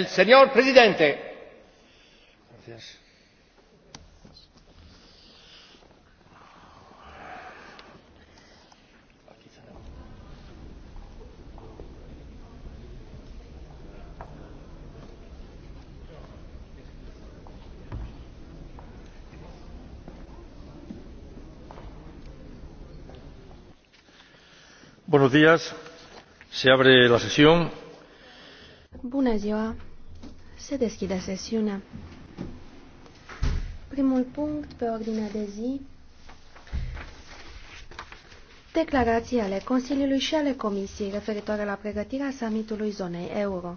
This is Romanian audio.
El señor presidente. Gracias. Buenos días. Se abre la sesión. Bună ziua. Se deschide sesiunea. Primul punct pe ordinea de zi. Declarații ale Consiliului și ale Comisiei referitoare la pregătirea summitului zonei euro.